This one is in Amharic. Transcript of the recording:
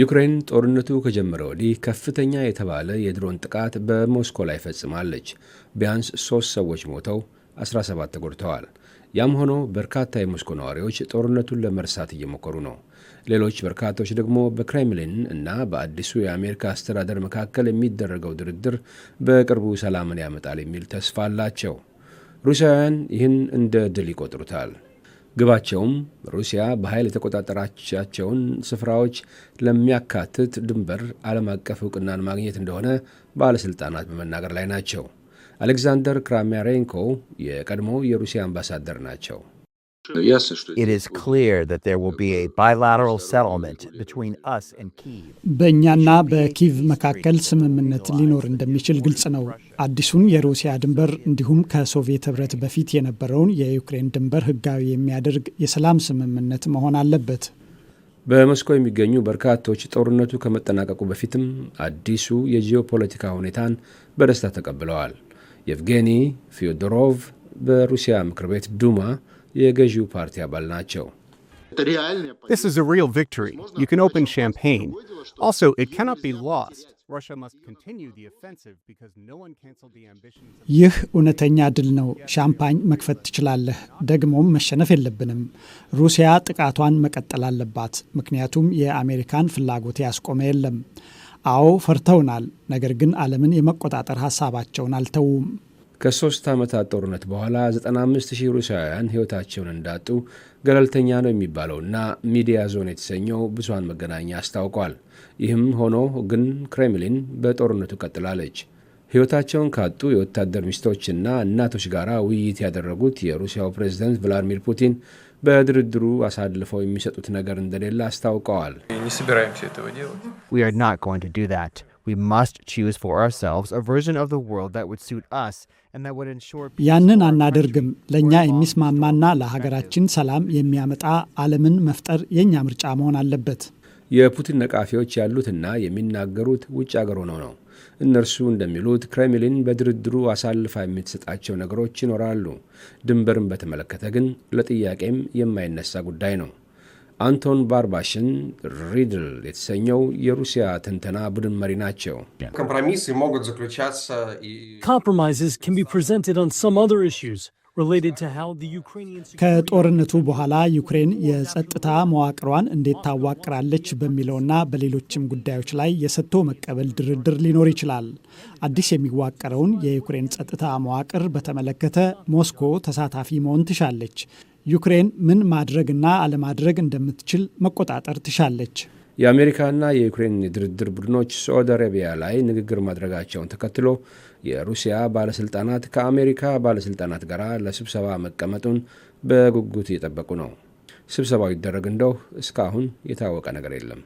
ዩክሬን ጦርነቱ ከጀመረ ወዲህ ከፍተኛ የተባለ የድሮን ጥቃት በሞስኮ ላይ ፈጽማለች። ቢያንስ ሶስት ሰዎች ሞተው 17 ተጎድተዋል። ያም ሆኖ በርካታ የሞስኮ ነዋሪዎች ጦርነቱን ለመርሳት እየሞከሩ ነው። ሌሎች በርካታዎች ደግሞ በክሬምሊን እና በአዲሱ የአሜሪካ አስተዳደር መካከል የሚደረገው ድርድር በቅርቡ ሰላምን ያመጣል የሚል ተስፋ አላቸው። ሩሲያውያን ይህን እንደ ድል ይቆጥሩታል። ግባቸውም ሩሲያ በኃይል የተቆጣጠራቻቸውን ስፍራዎች ለሚያካትት ድንበር ዓለም አቀፍ እውቅናን ማግኘት እንደሆነ ባለሥልጣናት በመናገር ላይ ናቸው። አሌክዛንደር ክራሚያሬንኮ የቀድሞ የሩሲያ አምባሳደር ናቸው። በእኛና በኪቭ መካከል ስምምነት ሊኖር እንደሚችል ግልጽ ነው። አዲሱን የሩሲያ ድንበር እንዲሁም ከሶቪየት ህብረት በፊት የነበረውን የዩክሬን ድንበር ህጋዊ የሚያደርግ የሰላም ስምምነት መሆን አለበት። በሞስኮ የሚገኙ በርካቶች ጦርነቱ ከመጠናቀቁ በፊትም አዲሱ የጂኦፖለቲካ ሁኔታን በደስታ ተቀብለዋል። የቭጌኒ ፊዮዶሮቭ በሩሲያ ምክር ቤት ዱማ የገዢው ፓርቲ አባል ናቸው። This is a real victory. You can open champagne. Also, it cannot be lost. ይህ እውነተኛ ድል ነው። ሻምፓኝ መክፈት ትችላለህ። ደግሞም መሸነፍ የለብንም። ሩሲያ ጥቃቷን መቀጠል አለባት፣ ምክንያቱም የአሜሪካን ፍላጎት ያስቆመ የለም። አዎ ፈርተውናል፣ ነገር ግን ዓለምን የመቆጣጠር ሀሳባቸውን አልተውም። ከሶስት ዓመታት ጦርነት በኋላ 95 ሩሲያውያን ሕይወታቸውን እንዳጡ ገለልተኛ ነው የሚባለውና ሚዲያ ዞን የተሰኘው ብዙሃን መገናኛ አስታውቋል። ይህም ሆኖ ግን ክሬምሊን በጦርነቱ ቀጥላለች። ሕይወታቸውን ካጡ የወታደር ሚስቶችና እናቶች ጋር ውይይት ያደረጉት የሩሲያው ፕሬዝደንት ቭላዲሚር ፑቲን በድርድሩ አሳልፈው የሚሰጡት ነገር እንደሌለ አስታውቀዋል። ያንን አናደርግም። ለእኛ የሚስማማና ለሀገራችን ሰላም የሚያመጣ ዓለምን መፍጠር የእኛ ምርጫ መሆን አለበት። የፑቲን ነቃፊዎች ያሉትና የሚናገሩት ውጭ አገር ሆነው ነው። እነርሱ እንደሚሉት ክሬምሊን በድርድሩ አሳልፋ የምትሰጣቸው ነገሮች ይኖራሉ። ድንበርን በተመለከተ ግን ለጥያቄም የማይነሳ ጉዳይ ነው። አንቶን ባርባሽን ሪድል የተሰኘው የሩሲያ ትንተና ቡድን መሪ ናቸው። ከጦርነቱ በኋላ ዩክሬን የጸጥታ መዋቅሯን እንዴት ታዋቅራለች በሚለውና በሌሎችም ጉዳዮች ላይ የሰጥቶ መቀበል ድርድር ሊኖር ይችላል። አዲስ የሚዋቀረውን የዩክሬን ጸጥታ መዋቅር በተመለከተ ሞስኮ ተሳታፊ መሆን ትሻለች። ዩክሬን ምን ማድረግና አለማድረግ እንደምትችል መቆጣጠር ትሻለች። የአሜሪካና የዩክሬን የድርድር ቡድኖች ሳዑዲ አረቢያ ላይ ንግግር ማድረጋቸውን ተከትሎ የሩሲያ ባለስልጣናት ከአሜሪካ ባለስልጣናት ጋር ለስብሰባ መቀመጡን በጉጉት እየጠበቁ ነው። ስብሰባው ይደረግ እንደው እስካሁን የታወቀ ነገር የለም።